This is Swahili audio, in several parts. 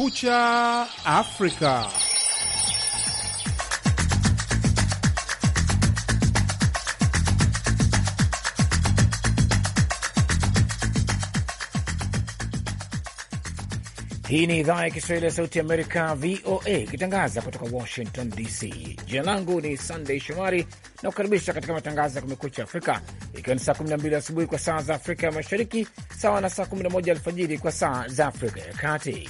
Kumekucha Afrika. Hii ni idhaa ya Kiswahili ya Sauti Amerika, VOA, ikitangaza kutoka Washington DC. Jina langu ni sandey Shomari na kukaribisha katika matangazo ya Kumekucha Afrika, ikiwa ni saa 12 asubuhi kwa saa za Afrika ya Mashariki, sawa na saa 11 alfajiri kwa saa za Afrika ya Kati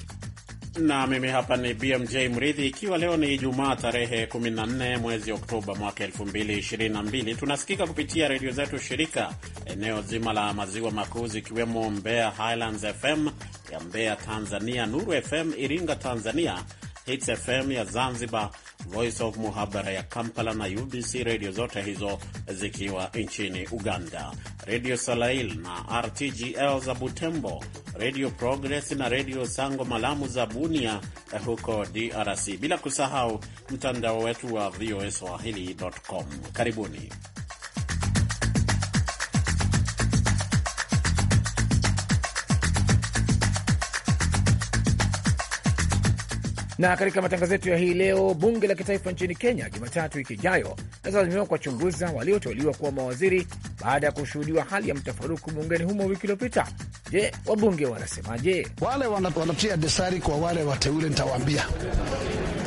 na mimi hapa ni BMJ Mridhi. Ikiwa leo ni Ijumaa tarehe 14 mwezi Oktoba mwaka 2022, tunasikika kupitia redio zetu shirika eneo zima la maziwa makuu zikiwemo Mbeya Highlands FM ya Mbeya Tanzania, Nuru FM Iringa Tanzania, Hits FM ya Zanzibar, Voice of Muhabara ya Kampala na UBC redio zote hizo zikiwa nchini Uganda, redio Salail na RTGL za Butembo, redio Progress na redio Sango Malamu za Bunia eh, huko DRC, bila kusahau mtandao wetu wa VOA Swahili.com. Karibuni. Na katika matangazo yetu ya hii leo, bunge la kitaifa nchini Kenya Jumatatu wiki ijayo lazima kuwachunguza walioteuliwa kuwa mawaziri baada ya kushuhudiwa hali ya mtafaruku bungeni humo wiki iliyopita. Je, wabunge wanasemaje? Wale wanatia desari kwa wale wateule, nitawaambia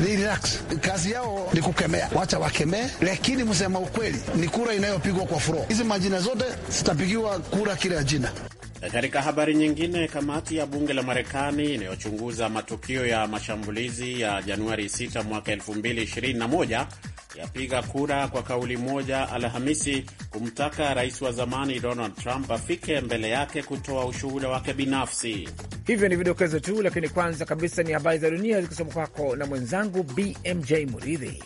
relax. Kazi yao ni kukemea, wacha wakemee, lakini msema ukweli ni kura inayopigwa kwa furo. Hizi majina zote zitapigiwa kura kila jina. Katika habari nyingine, kamati ya bunge la Marekani inayochunguza matukio ya mashambulizi ya Januari 6 mwaka 2021 yapiga kura kwa kauli moja Alhamisi kumtaka rais wa zamani Donald Trump afike mbele yake kutoa ushuhuda wake binafsi. Hivyo ni vidokezo tu, lakini kwanza kabisa ni habari za dunia zikisoma kwako na mwenzangu BMJ Muridhi.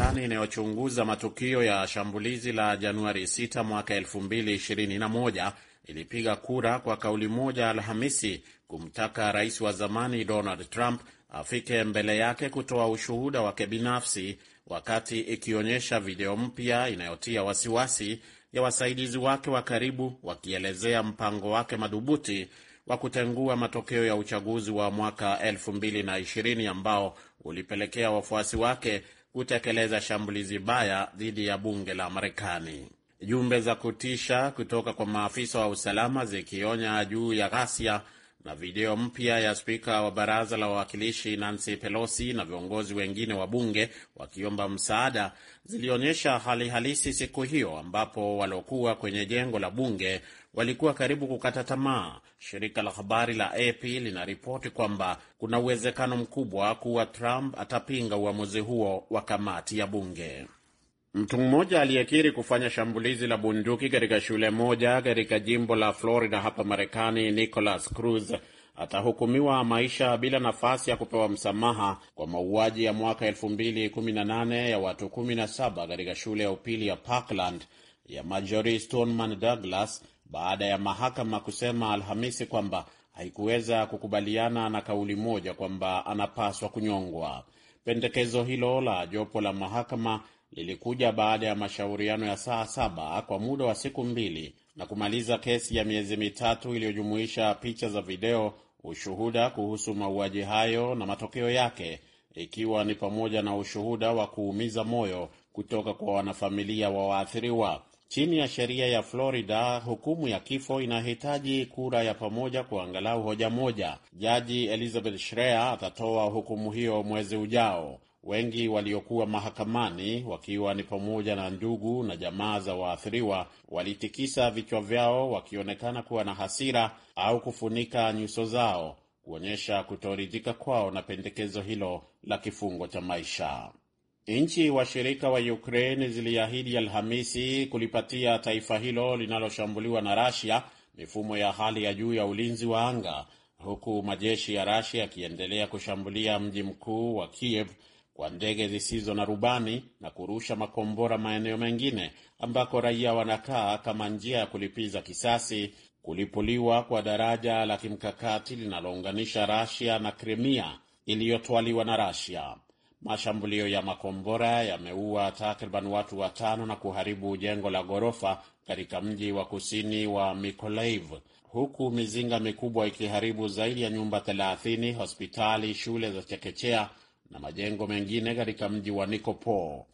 Marekani inayochunguza matukio ya shambulizi la Januari 6 mwaka 2021 ilipiga kura kwa kauli moja Alhamisi kumtaka rais wa zamani Donald Trump afike mbele yake kutoa ushuhuda wake binafsi, wakati ikionyesha video mpya inayotia wasiwasi ya wasaidizi wake wa karibu wakielezea mpango wake madhubuti wa kutengua matokeo ya uchaguzi wa mwaka 2020 ambao ulipelekea wafuasi wake kutekeleza shambulizi baya dhidi ya bunge la Marekani. Jumbe za kutisha kutoka kwa maafisa wa usalama zikionya juu ya ghasia na video mpya ya spika wa baraza la wawakilishi Nancy Pelosi na viongozi wengine wa bunge wakiomba msaada zilionyesha hali halisi siku hiyo, ambapo waliokuwa kwenye jengo la bunge walikuwa karibu kukata tamaa. Shirika la habari la AP linaripoti kwamba kuna uwezekano mkubwa kuwa Trump atapinga uamuzi huo wa kamati ya bunge. Mtu mmoja aliyekiri kufanya shambulizi la bunduki katika shule moja katika jimbo la Florida hapa Marekani, Nicholas Cruz atahukumiwa maisha bila nafasi ya kupewa msamaha kwa mauaji ya mwaka 2018 ya watu 17 katika shule ya upili ya Parkland ya majori Stoneman Douglas baada ya mahakama kusema Alhamisi kwamba haikuweza kukubaliana na kauli moja kwamba anapaswa kunyongwa. Pendekezo hilo la jopo la mahakama lilikuja baada ya mashauriano ya saa saba kwa muda wa siku mbili na kumaliza kesi ya miezi mitatu iliyojumuisha picha za video, ushuhuda kuhusu mauaji hayo na matokeo yake, ikiwa ni pamoja na ushuhuda wa kuumiza moyo kutoka kwa wanafamilia wa waathiriwa. Chini ya sheria ya Florida, hukumu ya kifo inahitaji kura ya pamoja kwa angalau hoja moja. Jaji Elizabeth Schreyer atatoa hukumu hiyo mwezi ujao. Wengi waliokuwa mahakamani wakiwa ni pamoja na ndugu na jamaa za waathiriwa walitikisa vichwa vyao wakionekana kuwa na hasira au kufunika nyuso zao kuonyesha kutoridhika kwao na pendekezo hilo la kifungo cha maisha. Nchi washirika wa Ukraine ziliahidi Alhamisi kulipatia taifa hilo linaloshambuliwa na Rasia mifumo ya hali ya juu ya ulinzi wa anga huku majeshi ya Rasia yakiendelea kushambulia mji mkuu wa Kiev kwa ndege zisizo na rubani na kurusha makombora maeneo mengine ambako raia wanakaa kama njia ya kulipiza kisasi kulipuliwa kwa daraja la kimkakati linalounganisha Rasia na Krimia iliyotwaliwa na Rasia. Mashambulio ya makombora yameua takriban watu watano na kuharibu jengo la ghorofa katika mji wa kusini wa Mikolaiv, huku mizinga mikubwa ikiharibu zaidi ya nyumba 30, hospitali, shule za chekechea na majengo mengine katika mji wa Nikopol.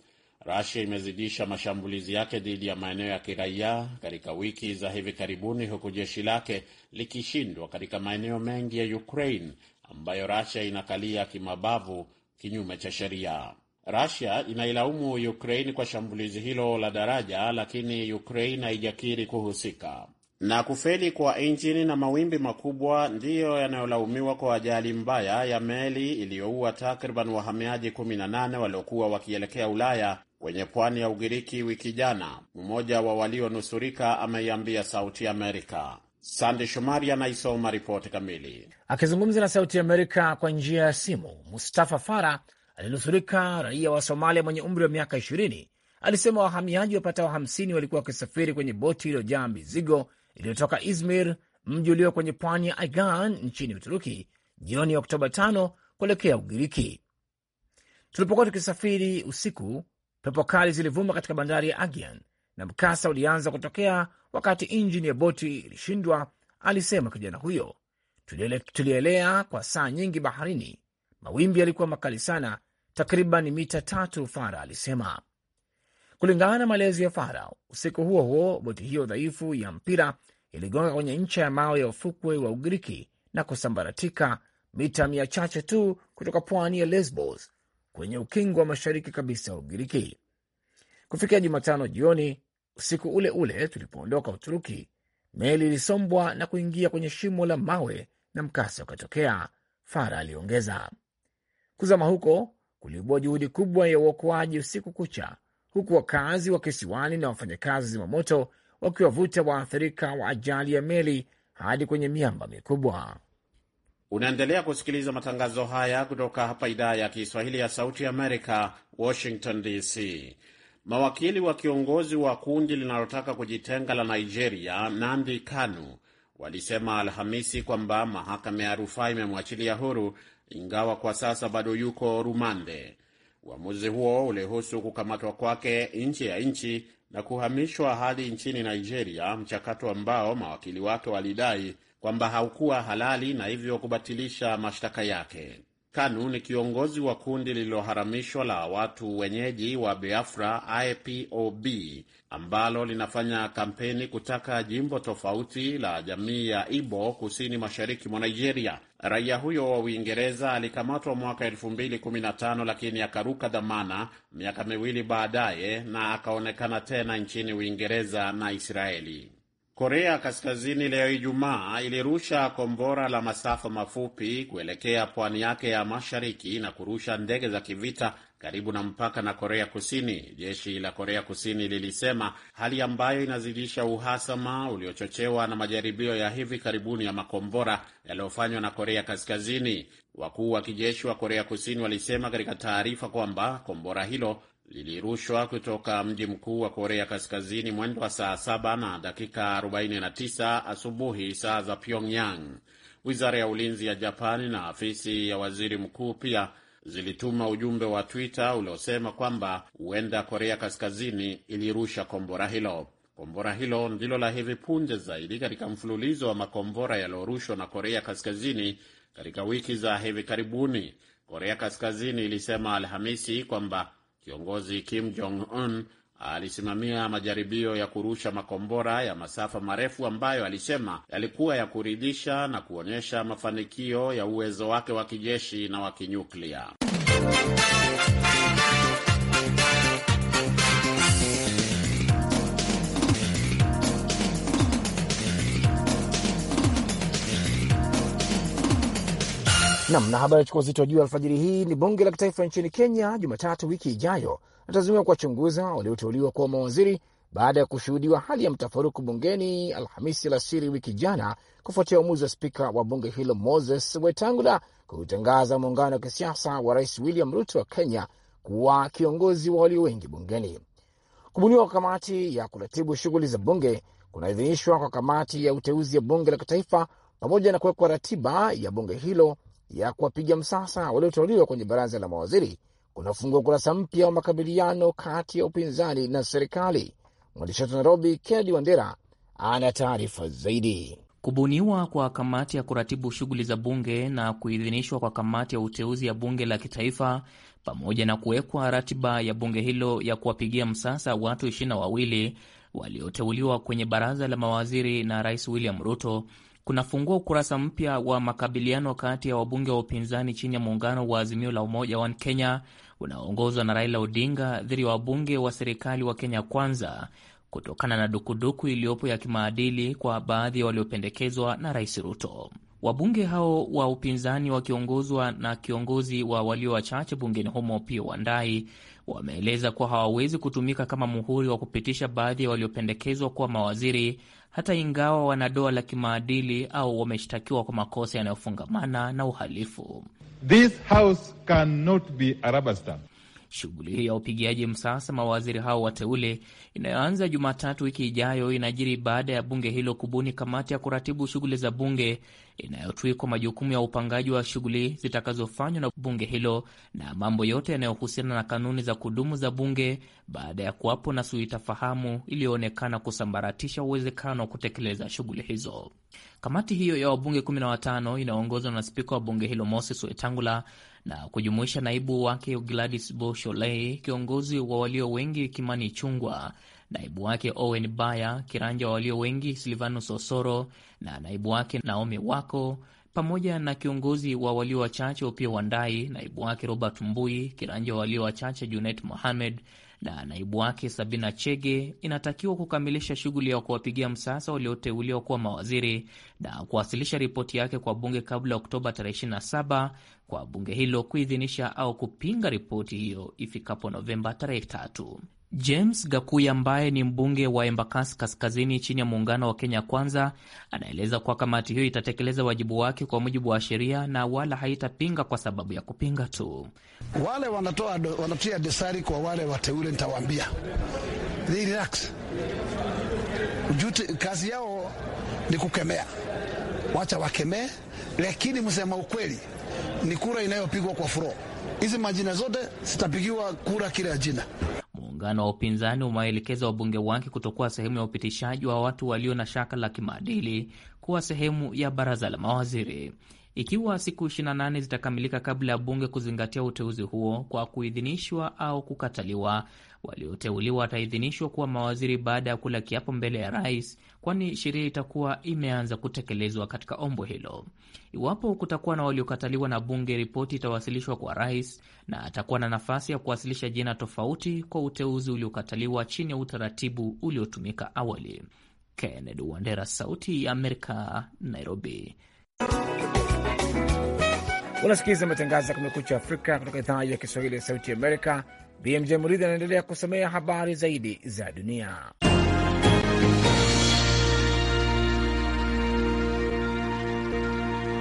Russia imezidisha mashambulizi yake dhidi ya maeneo ya kiraia katika wiki za hivi karibuni, huku jeshi lake likishindwa katika maeneo mengi ya Ukraine ambayo rusia inakalia kimabavu kinyume cha sheria. rusia inailaumu Ukraine kwa shambulizi hilo la daraja, lakini Ukraine haijakiri kuhusika. Na kufeli kwa injini na mawimbi makubwa ndiyo yanayolaumiwa kwa ajali mbaya ya meli iliyoua takriban wahamiaji 18 waliokuwa wakielekea Ulaya kwenye pwani ya Ugiriki wiki jana, mmoja wa walionusurika ameiambia Sauti Amerika. Sande Shomari anaisoma ripoti kamili. Akizungumza na Sauti Amerika kwa njia ya simu, Mustafa Fara alinusurika, raia wa Somalia mwenye umri wa miaka 20, alisema wahamiaji wapatao 50 walikuwa wakisafiri kwenye boti iliyojaa mizigo iliyotoka Izmir, mji ulio kwenye pwani ya aigan nchini Uturuki, jioni ya Oktoba 5 kuelekea Ugiriki. Tulipokuwa tukisafiri usiku, pepo kali zilivuma katika bandari ya Aegean na mkasa ulianza kutokea wakati injini ya boti ilishindwa, alisema kijana huyo. Tulielea kwa saa nyingi baharini, mawimbi yalikuwa makali sana, takriban mita tatu, Fara alisema. Kulingana na malezi ya fara usiku huo huo boti hiyo dhaifu ya mpira iligonga kwenye ncha ya mawe ya ufukwe wa Ugiriki na kusambaratika mita mia chache tu kutoka pwani ya Lesbos kwenye ukingo wa mashariki kabisa wa Ugiriki. Kufikia Jumatano jioni, usiku ule ule tulipoondoka Uturuki, meli ilisombwa na kuingia kwenye shimo la mawe na mkasa ukatokea, Fara aliongeza. Kuzama huko kuliibua juhudi kubwa ya uokoaji usiku kucha huku wakazi wa kisiwani na wafanyakazi zimamoto wakiwavuta waathirika wa ajali ya meli hadi kwenye miamba mikubwa. Unaendelea kusikiliza matangazo haya kutoka hapa idhaa ya Kiswahili ya Sauti Amerika, Washington DC. Mawakili wa kiongozi wa kundi linalotaka kujitenga la Nigeria, Nandi Kanu, walisema Alhamisi kwamba mahakama ya rufaa imemwachilia huru, ingawa kwa sasa bado yuko rumande. Uamuzi huo ulihusu kukamatwa kwake nje ya nchi na kuhamishwa hadi nchini Nigeria, mchakato ambao mawakili wake walidai kwamba haukuwa halali na hivyo kubatilisha mashtaka yake. Kanu ni kiongozi wa kundi lililoharamishwa la watu wenyeji wa Biafra, IPOB, ambalo linafanya kampeni kutaka jimbo tofauti la jamii ya Ibo kusini mashariki mwa Nigeria. Raia huyo wa Uingereza alikamatwa mwaka 2015 lakini akaruka dhamana miaka miwili baadaye na akaonekana tena nchini Uingereza na Israeli. Korea Kaskazini leo Ijumaa ilirusha kombora la masafa mafupi kuelekea pwani yake ya mashariki na kurusha ndege za kivita karibu na mpaka na Korea Kusini, jeshi la Korea Kusini lilisema, hali ambayo inazidisha uhasama uliochochewa na majaribio ya hivi karibuni ya makombora yaliyofanywa na Korea Kaskazini. Wakuu wa kijeshi wa Korea Kusini walisema katika taarifa kwamba kombora hilo lilirushwa kutoka mji mkuu wa Korea Kaskazini mwendo wa saa 7 na dakika 49 asubuhi saa za Pyongyang. Wizara ya ulinzi ya Japani na afisi ya waziri mkuu pia zilituma ujumbe wa Twitter uliosema kwamba huenda Korea Kaskazini ilirusha kombora hilo. Kombora hilo ndilo la hivi punde zaidi katika mfululizo wa makombora yaliyorushwa na Korea Kaskazini katika wiki za hivi karibuni. Korea Kaskazini ilisema Alhamisi kwamba Kiongozi Kim Jong Un alisimamia majaribio ya kurusha makombora ya masafa marefu ambayo alisema yalikuwa ya kuridhisha na kuonyesha mafanikio ya uwezo wake wa kijeshi na wa kinyuklia. Nam na habari chukua uzito wa juu alfajiri hii ni bunge la kitaifa nchini Kenya Jumatatu wiki ijayo natazamiwa kuwachunguza walioteuliwa kuwa mawaziri baada ya kushuhudiwa hali ya mtafaruku bungeni Alhamisi alasiri wiki jana kufuatia uamuzi wa spika wa bunge hilo Moses Wetangula kutangaza muungano wa kisiasa wa rais William Ruto wa Kenya kuwa kiongozi wa walio wengi bungeni. Kubuniwa kwa kamati ya kuratibu shughuli za bunge kunaidhinishwa kwa kamati ya uteuzi ya bunge la kitaifa pamoja na kuwekwa ratiba ya bunge hilo ya kuwapiga msasa walioteuliwa kwenye baraza la mawaziri kunafungua ukurasa mpya wa makabiliano kati ya upinzani na serikali. Mwandishi wetu Nairobi, Kennedy Wandera, ana taarifa zaidi. Kubuniwa kwa kamati ya kuratibu shughuli za bunge na kuidhinishwa kwa kamati ya uteuzi ya bunge la kitaifa pamoja na kuwekwa ratiba ya bunge hilo ya kuwapigia msasa watu ishirini na wawili walioteuliwa kwenye baraza la mawaziri na Rais William Ruto kunafungua ukurasa mpya wa makabiliano kati ya wabunge wa upinzani chini ya muungano wa Azimio la Umoja wa Kenya unaoongozwa na Raila Odinga dhidi ya wabunge wa serikali wa Kenya Kwanza kutokana na dukuduku iliyopo ya kimaadili kwa baadhi ya waliopendekezwa na Rais Ruto. Wabunge hao wa upinzani wakiongozwa na kiongozi wa walio wachache bungeni humo Opiyo Wandayi wameeleza kuwa hawawezi kutumika kama muhuri wa kupitisha baadhi ya waliopendekezwa kuwa mawaziri hata ingawa wana doa la kimaadili au wameshtakiwa kwa makosa yanayofungamana na uhalifu. This house cannot be a rubber stamp. Shughuli hiyo ya upigiaji msasa mawaziri hao wateule inayoanza Jumatatu wiki ijayo inajiri baada ya bunge hilo kubuni kamati ya kuratibu shughuli za bunge inayotwikwa majukumu ya upangaji wa shughuli zitakazofanywa na bunge hilo na mambo yote yanayohusiana na kanuni za kudumu za bunge, baada ya kuwapo na suitafahamu iliyoonekana kusambaratisha uwezekano wa kutekeleza shughuli hizo. Kamati hiyo ya wabunge 15 inayoongozwa na spika wa bunge hilo Moses Wetangula na kujumuisha naibu wake Gladys Bosholei, kiongozi wa walio wengi Kimani Chungwa, naibu wake Owen Baya, kiranja wa walio wengi Silvanus Osoro na naibu wake Naomi Wako, pamoja na kiongozi wa walio wachache Opio Wandai, naibu wake Robert Mbui, kiranja wa walio wachache Junet Mohamed na naibu wake Sabina Chege inatakiwa kukamilisha shughuli ya kuwapigia msasa walioteuliwa kuwa mawaziri na kuwasilisha ripoti yake kwa bunge kabla ya Oktoba 27 kwa bunge hilo kuidhinisha au kupinga ripoti hiyo ifikapo Novemba tarehe 3 James Gakuya ambaye ni mbunge wa Embakasi Kaskazini chini ya muungano wa Kenya Kwanza anaeleza kuwa kamati hiyo itatekeleza wajibu wake kwa mujibu wa sheria na wala haitapinga kwa sababu ya kupinga tu. Wale wanatoa wanatia dosari kwa wale wateule, nitawaambia relax, kazi yao ni kukemea, wacha wakemee, lakini msema ukweli ni kura inayopigwa kwa furo. Hizi majina zote zitapigiwa kura kila jina muungano wa upinzani umewaelekeza wabunge wake kutokuwa sehemu ya upitishaji wa watu walio na shaka la kimaadili kuwa sehemu ya baraza la mawaziri. Ikiwa siku 28 zitakamilika kabla ya bunge kuzingatia uteuzi huo kwa kuidhinishwa au kukataliwa, walioteuliwa wataidhinishwa kuwa mawaziri baada ya kula kiapo mbele ya rais, kwani sheria itakuwa imeanza kutekelezwa katika ombo hilo. Iwapo kutakuwa na waliokataliwa na bunge, ripoti itawasilishwa kwa rais na atakuwa na nafasi ya kuwasilisha jina tofauti kwa uteuzi uliokataliwa chini ya utaratibu uliotumika awali. Kennedy Wandera, Sauti ya Amerika, Nairobi. Unasikiliza matangazo ya Kumekucha Afrika kutoka idhaa ya Kiswahili ya Sauti Amerika. BMJ Muridhi anaendelea kusomea habari zaidi za dunia.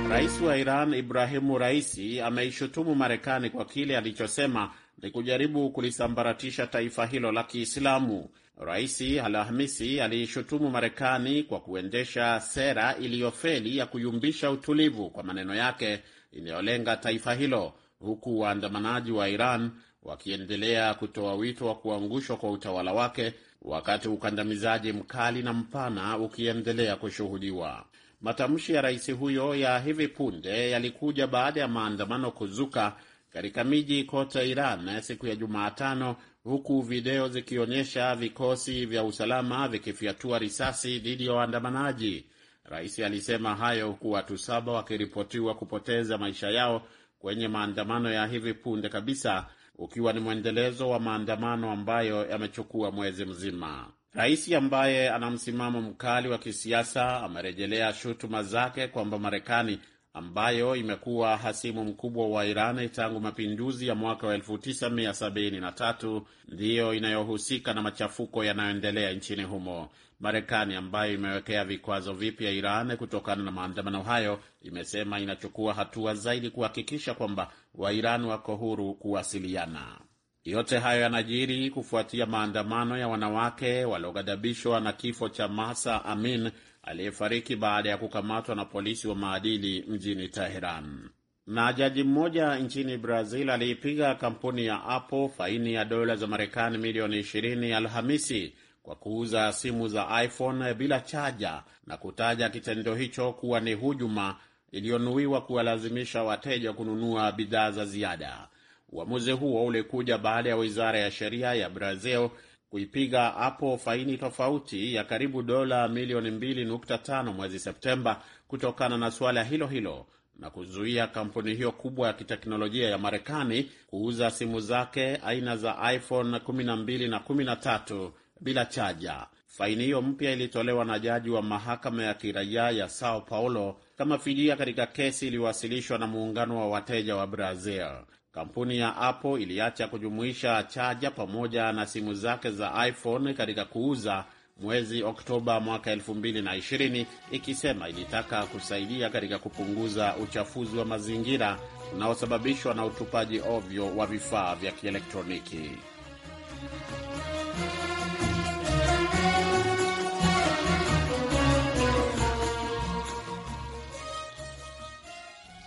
Rais wa Iran Ibrahimu Raisi ameishutumu Marekani kwa kile alichosema ni kujaribu kulisambaratisha taifa hilo la Kiislamu. Raisi Alhamisi aliishutumu Marekani kwa kuendesha sera iliyofeli ya kuyumbisha utulivu, kwa maneno yake, inayolenga taifa hilo, huku waandamanaji wa Iran wakiendelea kutoa wito wa kuangushwa kwa utawala wake, wakati ukandamizaji mkali na mpana ukiendelea kushuhudiwa. Matamshi ya rais huyo ya hivi punde yalikuja baada ya maandamano kuzuka katika miji kote Iran siku ya Jumatano, huku video zikionyesha vikosi vya usalama vikifyatua risasi dhidi ya waandamanaji. Rais alisema hayo huku watu saba wakiripotiwa kupoteza maisha yao kwenye maandamano ya hivi punde kabisa, ukiwa ni mwendelezo wa maandamano ambayo yamechukua mwezi mzima. Rais ambaye ana msimamo mkali wa kisiasa amerejelea shutuma zake kwamba Marekani ambayo imekuwa hasimu mkubwa wa Iran tangu mapinduzi ya mwaka wa 1973 ndiyo inayohusika na machafuko yanayoendelea nchini humo. Marekani ambayo imewekea vikwazo vipya Iran kutokana na maandamano hayo, imesema inachukua hatua zaidi kuhakikisha kwamba Wairan wako huru kuwasiliana. Yote hayo yanajiri kufuatia maandamano ya wanawake walioghadhabishwa na kifo cha Mahsa Amin aliyefariki baada ya kukamatwa na polisi wa maadili mjini Teheran. Na jaji mmoja nchini Brazil aliipiga kampuni ya Apple faini ya dola za Marekani milioni 20 Alhamisi kwa kuuza simu za iPhone bila chaja na kutaja kitendo hicho kuwa ni hujuma iliyonuiwa kuwalazimisha wateja kununua bidhaa za ziada. Uamuzi huo ulikuja baada ya wizara ya sheria ya Brazil kuipiga Apple faini tofauti ya karibu dola milioni 2.5 mwezi Septemba kutokana na suala hilo hilo na kuzuia kampuni hiyo kubwa ya kiteknolojia ya Marekani kuuza simu zake aina za iPhone 12 na 13 bila chaja. Faini hiyo mpya ilitolewa na jaji wa mahakama ya kiraia ya Sao Paulo kama fidia katika kesi iliyowasilishwa na muungano wa wateja wa Brazil. Kampuni ya Apple iliacha kujumuisha chaja pamoja na simu zake za iPhone katika kuuza mwezi Oktoba mwaka 2020 ikisema ilitaka kusaidia katika kupunguza uchafuzi wa mazingira unaosababishwa na utupaji ovyo wa vifaa vya kielektroniki.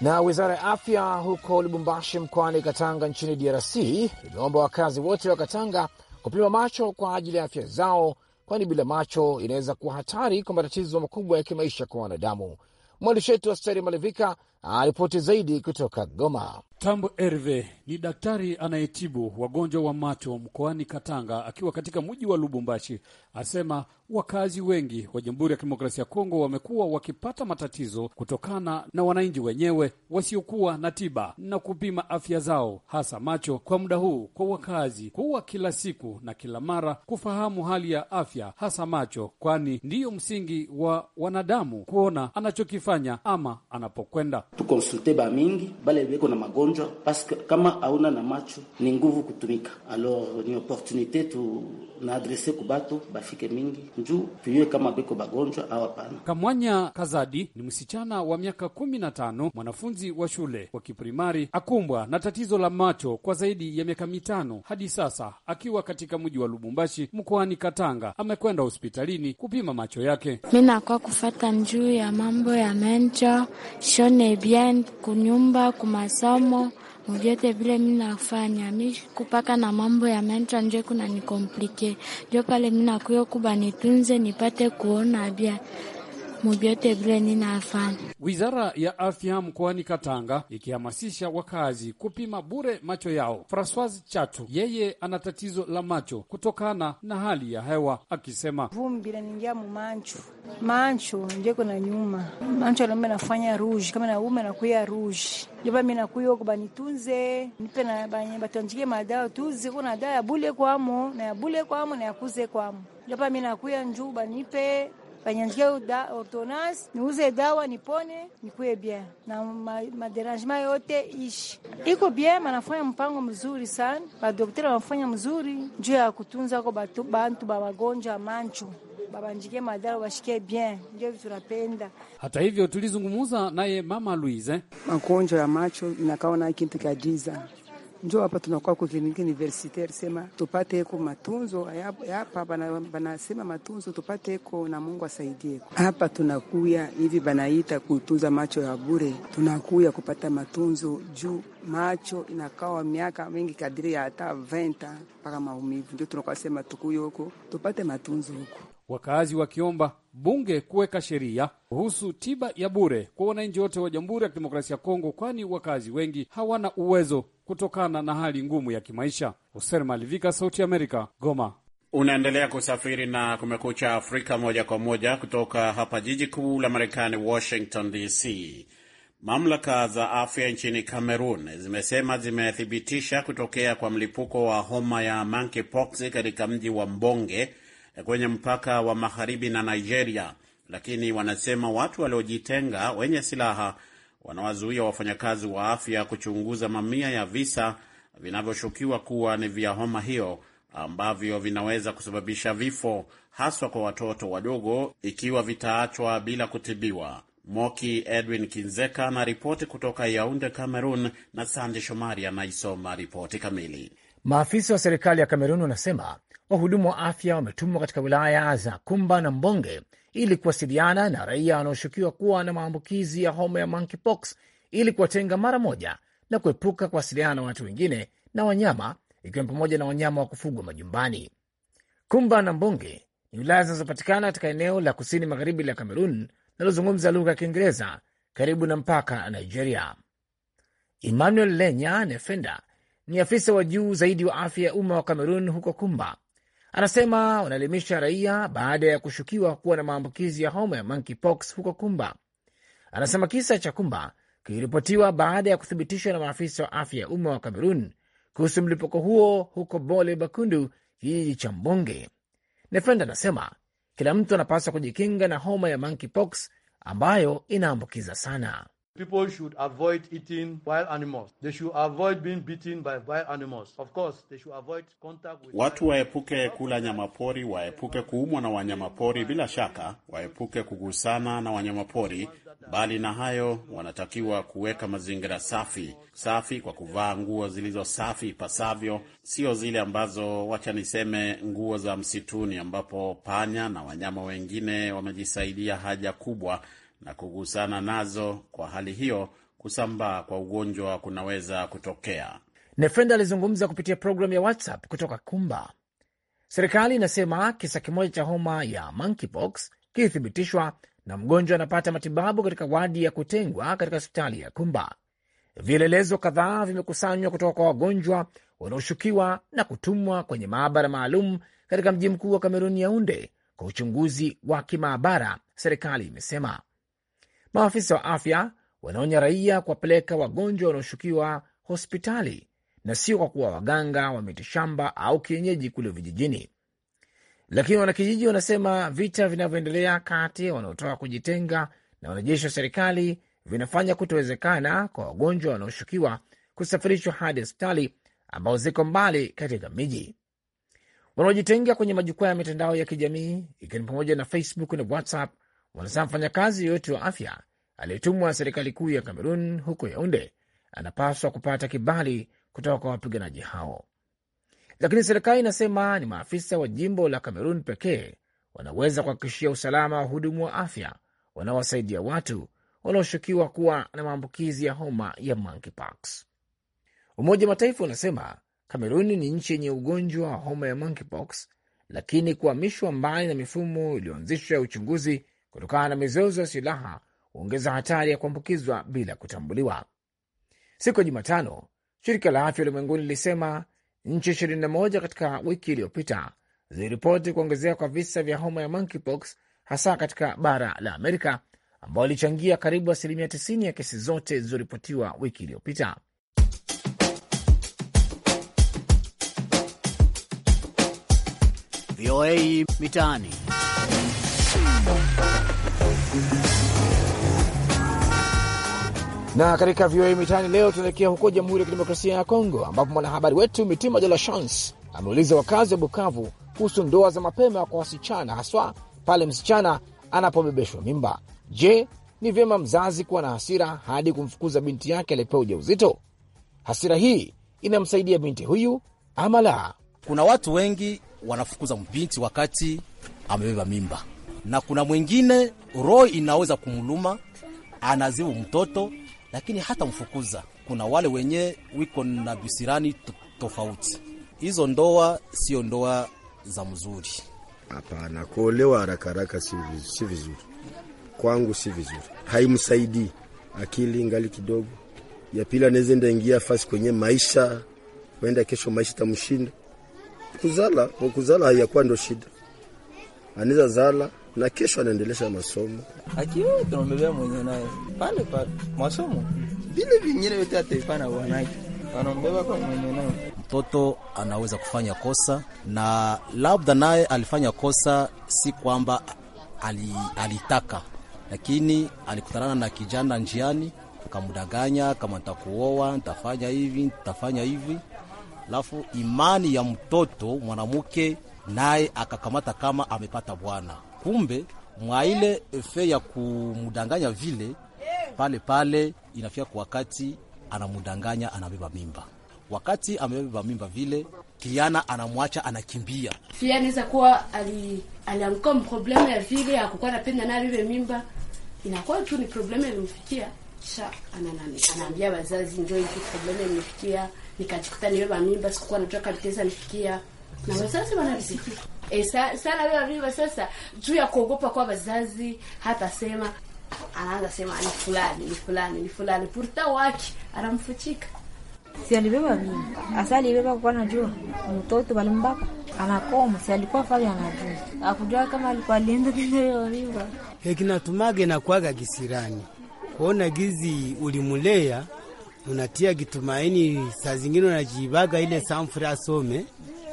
Na wizara ya afya huko Lubumbashi mkoani Katanga nchini DRC imeomba wakazi wote wa Katanga kupima macho kwa ajili ya afya zao, kwani bila macho inaweza kuwa hatari kwa matatizo makubwa ya kimaisha kwa wanadamu. Mwandishi wetu Asteri Malivika Aripoti ah, zaidi kutoka Goma. Tambo Erve ni daktari anayetibu wagonjwa wa macho mkoani Katanga, akiwa katika mji wa Lubumbashi, asema wakazi wengi wa Jamhuri ya Kidemokrasia ya Kongo wamekuwa wakipata matatizo kutokana na wananchi wenyewe wasiokuwa na tiba na kupima afya zao, hasa macho. Kwa muda huu kwa wakazi kuwa kila siku na kila mara kufahamu hali ya afya, hasa macho, kwani ndiyo msingi wa wanadamu kuona anachokifanya ama anapokwenda tukonsulte bamingi bale beko na magonjwa paske kama auna na macho ni nguvu kutumika. alor ni opportunite tu na adrese batu bafike mingi njuu tuyue kama beko bagonjwa au hapana. Kamwanya Kazadi ni msichana wa miaka kumi na tano, mwanafunzi wa shule wa kiprimari, akumbwa na tatizo la macho kwa zaidi ya miaka mitano hadi sasa. Akiwa katika mji wa Lubumbashi mkoani Katanga, amekwenda hospitalini kupima macho yake. nakwa kufata njuu ya mambo ya mencho shone bien kunyumba kumasomo mvyote vile mi nafanya mi kupaka na mambo ya mental njo kuna nikomplikate njo pale mi nakuya kuba nitunze nipate kuona vya muvyote vile ninafanya. Wizara ya Afya mkoani Katanga ikihamasisha wakazi kupima bure macho yao. Francois Chatu yeye ana tatizo la macho kutokana na hali ya hewa, akisema vumbi linaingia mumanchu mancho nje kuna nyuma mancho lamba nafanya ruji kama naume nakuya ruji jova minakuyoko banitunze nipe na banye batonjike madawa tuzi kuna dawa yabule kwamo na ya yabule kwamo na yakuze kwamo jova minakuya njuba nipe Banyandikia da, ordonance niuze dawa nipone nikuye bien na maderangement ma yote ishi iko bien. Manafanya mpango mzuri sana, badokteri wanafanya mzuri juu ya kutunza ko bantu babagonjwa mancho babanjike madara bashike bien, ndio tunapenda. Hata hivyo tulizungumuza naye mama Louise, magonjwa ya macho inakawa na kitu kajiza njo hapa tunakuwa kliniki universitaire, sema tupateko matunzo hapa, banasema matunzo tupateko, na Mungu asaidie hapa. Tunakuya hivi banaita kutunza macho ya bure, tunakuya kupata matunzo juu macho inakawa miaka mingi kadiri ya hata venta mpaka maumivu, ndio tunakuwa sema tukuyo huko tupate matunzo huko. Wakazi wakiomba bunge kuweka sheria kuhusu tiba ya bure kwa wananchi wote wa Jamhuri ya Kidemokrasia ya Kongo, kwani wakazi wengi hawana uwezo kutokana na hali ngumu ya kimaisha. Hoser Malivika, Sauti Amerika, Goma. Unaendelea kusafiri na Kumekucha Afrika moja kwa moja kutoka hapa jiji kuu la Marekani, Washington DC. Mamlaka za afya nchini Cameroon zimesema zimethibitisha kutokea kwa mlipuko wa homa ya monkeypox katika mji wa Mbonge kwenye mpaka wa magharibi na Nigeria, lakini wanasema watu waliojitenga wenye silaha wanawazuia wafanyakazi wa afya kuchunguza mamia ya visa vinavyoshukiwa kuwa ni vya homa hiyo ambavyo vinaweza kusababisha vifo haswa kwa watoto wadogo ikiwa vitaachwa bila kutibiwa. Moki Edwin Kinzeka ripoti kutoka Yaunde, Cameroon, na Sande Shomari anaisoma ripoti kamili. Maafisa wa serikali ya cameroon wanasema wahudumu wa afya wametumwa katika wilaya za Kumba na Mbonge ili kuwasiliana na raia wanaoshukiwa kuwa na maambukizi ya homa ya monkeypox ili kuwatenga mara moja na kuepuka kuwasiliana na watu wengine na wanyama, ikiwa ni pamoja na wanyama wa kufugwa majumbani. Kumba na Mbonge ni wilaya zinazopatikana katika eneo la kusini magharibi la Kamerun linalozungumza lugha ya Kiingereza karibu na mpaka na Nigeria. Emmanuel Lenya Nefenda ni afisa wa juu zaidi wa afya ya umma wa Kamerun huko Kumba, Anasema wanaelimisha raia baada ya kushukiwa kuwa na maambukizi ya homa ya monkeypox huko Kumba. Anasema kisa cha Kumba kiliripotiwa baada ya kuthibitishwa na maafisa wa afya ya umma wa Kamerun kuhusu mlipuko huo huko Bole Bakundu, kijiji cha Mbonge. nefend anasema kila mtu anapaswa kujikinga na homa ya monkeypox ambayo inaambukiza sana. People should avoid eating wild animals. They should avoid being beaten by wild animals. Of course, they should avoid contact with... Watu waepuke kula nyamapori, waepuke kuumwa na wanyama pori bila shaka waepuke kugusana na wanyamapori. Mbali na hayo, wanatakiwa kuweka mazingira safi safi kwa kuvaa nguo zilizo safi ipasavyo, sio zile ambazo, wacha niseme, nguo za msituni ambapo panya na wanyama wengine wamejisaidia haja kubwa na kugusana nazo. Kwa hali hiyo, kusambaa kwa ugonjwa kunaweza kutokea. Nefenda alizungumza kupitia programu ya WhatsApp kutoka Kumba. Serikali inasema kisa kimoja cha homa ya monkeypox kilithibitishwa na mgonjwa anapata matibabu katika wadi ya kutengwa katika hospitali ya Kumba. Vielelezo kadhaa vimekusanywa kutoka kwa wagonjwa wanaoshukiwa na kutumwa kwenye maabara maalum katika mji mkuu wa Kameruni, Yaunde, kwa uchunguzi wa kimaabara, serikali imesema. Maafisa wa afya wanaonya raia kuwapeleka wagonjwa wanaoshukiwa hospitali na sio kwa kuwa waganga wa mitishamba au kienyeji kule vijijini. Lakini wanakijiji wanasema vita vinavyoendelea kati ya wanaotoka kujitenga na wanajeshi wa serikali vinafanya kutowezekana kwa wagonjwa wanaoshukiwa kusafirishwa hadi hospitali ambao ziko mbali katika miji. Wanaojitenga kwenye majukwaa ya mitandao ya kijamii ikiwa ni pamoja na Facebook na WhatsApp Wanasema mfanyakazi yoyote wa afya aliyetumwa serikali kuu ya Kamerun huko Yaunde anapaswa kupata kibali kutoka kwa wapiganaji hao, lakini serikali inasema ni maafisa wa jimbo la Kamerun pekee wanaweza kuhakikishia usalama wa hudumu wa afya wanaowasaidia watu wanaoshukiwa kuwa na maambukizi ya homa ya monkeypox. Umoja wa Mataifa unasema cameron ni nchi yenye ugonjwa wa homa ya monkeypox, lakini kuhamishwa mbali na mifumo iliyoanzishwa ya uchunguzi kutokana na mizozo ya silaha huongeza hatari ya kuambukizwa bila kutambuliwa. Siku ya Jumatano, shirika la afya ulimwenguni lilisema nchi 21 katika wiki iliyopita ziliripoti kuongezeka kwa visa vya homa ya monkeypox hasa katika bara la Amerika ambao ilichangia karibu asilimia 90 ya kesi zote zilizoripotiwa wiki iliyopita. VOA Mitaani. Na katika VOA Mitaani leo tunaelekea huko Jamhuri ya Kidemokrasia ya Kongo, ambapo mwanahabari wetu Mitima De La Chance ameuliza wakazi wa Bukavu kuhusu ndoa za mapema kwa wasichana, haswa pale msichana anapobebeshwa mimba. Je, ni vyema mzazi kuwa na hasira hadi kumfukuza binti yake aliyepewa ujauzito? Hasira hii inamsaidia binti huyu ama la? Kuna watu wengi wanafukuza binti wakati amebeba mimba na kuna mwingine roho inaweza kumluma, anazibu mtoto lakini hata mfukuza. Kuna wale wenye wiko na bisirani tofauti. Hizo ndoa sio ndoa za mzuri, hapana. Kuolewa haraka haraka si vizuri, kwangu si vizuri, haimsaidii akili ngali kidogo. Ya pili anaweza enda ingia fasi kwenye maisha, wenda kesho maisha tamshinda. Kuzala kuzala hayakuwa ndo shida, anaweza zala na kesho anaendelesha masomo akiwa tunambebea mwenye naye pale pale masomo vile vingine vyote ataipana bwanake anambeba kwa mwenye naye. Mtoto anaweza kufanya kosa, na labda naye alifanya kosa, si kwamba ali, alitaka, lakini alikutanana na kijana njiani, akamdanganya kama nitakuoa, nitafanya hivi, nitafanya hivi, alafu imani ya mtoto mwanamke naye akakamata kama amepata bwana kumbe mwaile efe ya kumudanganya vile pale pale, inafika kwa wakati anamudanganya, anabeba mimba. Wakati amebeba mimba vile, kiana anamwacha, anakimbia. Pia anaweza kuwa ali alianguka mproblema ya vile akukuwa napenda naye bebe mimba, inakuwa tu ni problema ilimfikia, kisha ananani anaambia wazazi, njoo hiki problema ilimfikia, nikajikuta nibeba mimba, sikukuwa najua kabisa nifikia na wazazi wanarizika. Eh, e, sana leo arriba sasa juu ya kuogopa kwa wazazi, hata sema anaanza sema ni fulani ni fulani ni fulani, purta wake anamfuchika si alibeba mimba asa alibeba kwa najua mtoto balimbaka anakoma si alikuwa fali anajua akujua kama alikuwa alienda tena hiyo mimba eh, tumage na kwaga kisirani kuona gizi ulimulea unatia kitumaini, saa zingine unajibaga ile samfura asome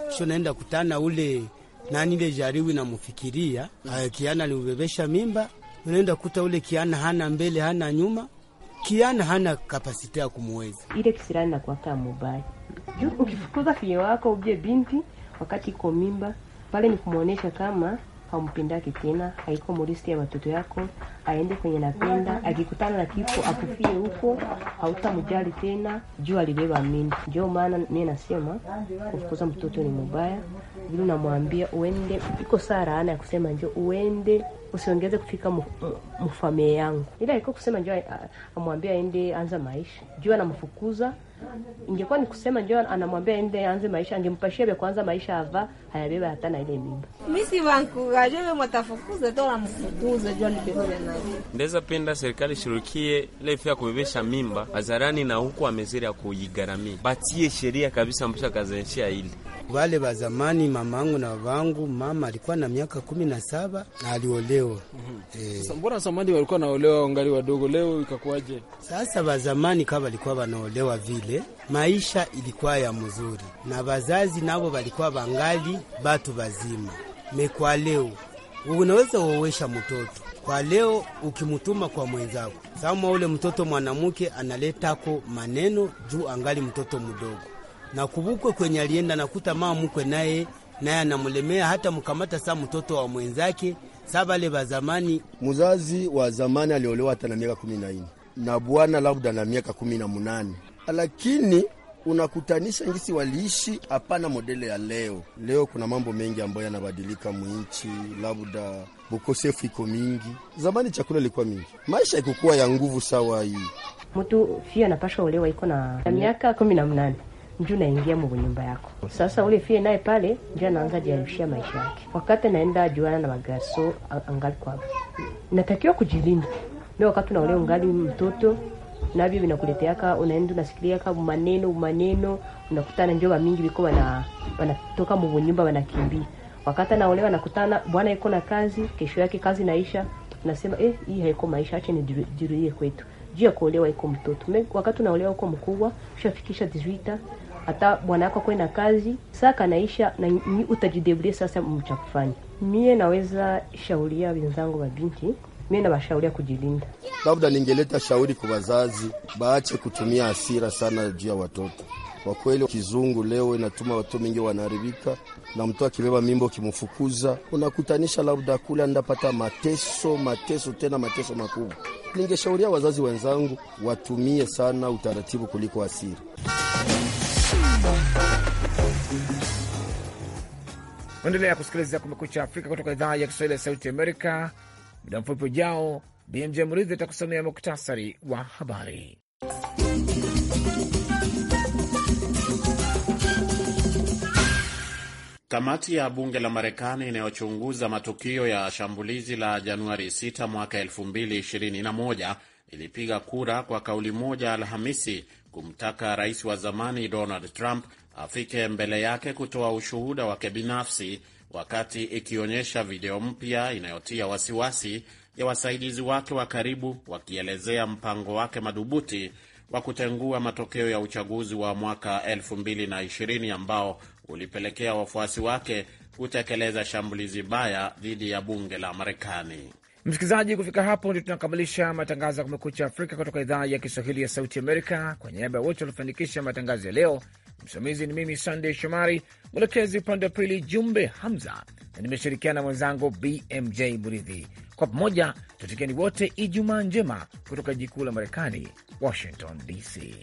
kisha naenda kutana ule nani ile jaribu namfikiria eh, kiana aliubebesha mimba, unaenda kuta ule kiana hana mbele hana nyuma, kiana hana kapasiti ya kumuweza ile kisirani na kuwaka mubaya juu ukifukuza fiye wako ubie binti wakati iko mimba pale ni kumuonesha kama mwaka umpindake tena haiko muristi ya watoto yako, aende kwenye napenda. Akikutana na kifo akufie huko, hautamujali tena juu alibeba mimi. Ndio maana mimi nasema kufukuza mtoto ni mubaya, vile namwambia uende, iko saa laana ya kusema njo uende usiongeze kufika mfamie yangu, ila alikuwa kusema njoo amwambia aende anza maisha, juu anamfukuza. Ingekuwa ni kusema njoo anamwambia aende anze maisha, angempashia vya kuanza maisha ava hayabeba hata na ile mimba. Misi wangu ajewe mtafukuza to mfukuza namfukuza ni alibebea na Ndeza penda serikali shirikie lefu ya kubebesha mimba azarani na huko ameziri kuigaramia, batie sheria kabisa mpaka kazenshia ile wale wa zamani, mamangu na wangu. Mama alikuwa na miaka kumi na saba na aliolewa. Mhm. Eh. mbona zamani walikuwa naolewa wangali wadogo, leo ikakuwaje? Sasa wa zamani kaa walikuwa wanaolewa vile, maisha ilikuwa ya mzuri na wazazi nabo walikuwa wangali batu bazima. Mekwa leo unaweza uowesha mtoto kwa leo ukimutuma kwa mwenzako, sama ule mtoto mwanamuke analetako maneno juu angali mtoto mdogo na kubukwe kwenye alienda nakuta mama mkwe naye naye anamulemea hata mkamata saa mtoto wa mwenzake saa vale zamani. muzazi wa zamani aliolewa hata na miaka kumi na nne na bwana labda na miaka kumi na munane lakini unakutanisha ngisi waliishi, hapana modele ya leo. Leo kuna mambo mengi ambayo yanabadilika mwinchi, labda bukosefu iko mingi. Zamani chakula ilikuwa mingi, maisha ikukuwa ya nguvu sawa. Hii mtu fia anapashwa olewa iko na miaka kumi na mnane ndio naingia mwa nyumba yako. Sasa ule fie naye pale ndio anaanza jarushia maisha yake, wakati naenda juana na magaso angali kwao. Natakiwa kujilinda ndio wakati na ule ungali mtoto na bibi nakuletea ka unaenda ka maneno maneno, unakutana njoo ba mingi biko wana wanatoka mwa nyumba wanakimbia. Wakati na ule wanakutana bwana yuko na kazi, kesho yake kazi naisha, nasema eh, hii haiko maisha, acha nijiruie kwetu. Juu ya kuolewa iko mtoto, wakati unaolewa uko mkubwa, ushafikisha 18 hata bwana yako na kazi saa kanaisha na utajidebulie sasa mcha kufanya. Mie naweza shauria wenzangu wa binti, mie nawashauria kujilinda. Labda ningeleta shauri kwa wazazi, baache kutumia hasira sana juu ya watoto. Kwa kweli kizungu leo inatuma watoto mingi wanaharibika, na mtu akibeba mimbo kimfukuza, unakutanisha labda kule andapata mateso mateso, tena mateso makubwa. Ningeshauria wazazi wenzangu watumie sana utaratibu kuliko asira Endelea kusikiliza Kumekucha Afrika kutoka idhaa ya Kiswahili ya Sauti Amerika. Muda mfupi ujao, BMJ Murithi atakusomea muktasari wa habari. Kamati ya bunge la Marekani inayochunguza matukio ya shambulizi la Januari 6 mwaka 2021 ilipiga kura kwa kauli moja Alhamisi kumtaka rais wa zamani Donald Trump afike mbele yake kutoa ushuhuda wake binafsi, wakati ikionyesha video mpya inayotia wasiwasi ya wasaidizi wake wa karibu wakielezea mpango wake madhubuti wa kutengua matokeo ya uchaguzi wa mwaka 2020 ambao ulipelekea wafuasi wake kutekeleza shambulizi baya dhidi ya bunge la Marekani. Msikilizaji, kufika hapo ndio tunakamilisha matangazo ya Kumekucha Afrika kutoka idhaa ya Kiswahili ya Sauti Amerika. Kwa niaba ya wote waliofanikisha matangazo ya leo, msimamizi ni mimi Sandey Shomari, mwelekezi upande wa pili Jumbe Hamza, na nimeshirikiana mwenzangu BMJ Muridhi. Kwa pamoja tutikeni wote Ijumaa njema kutoka jikuu la Marekani, Washington DC.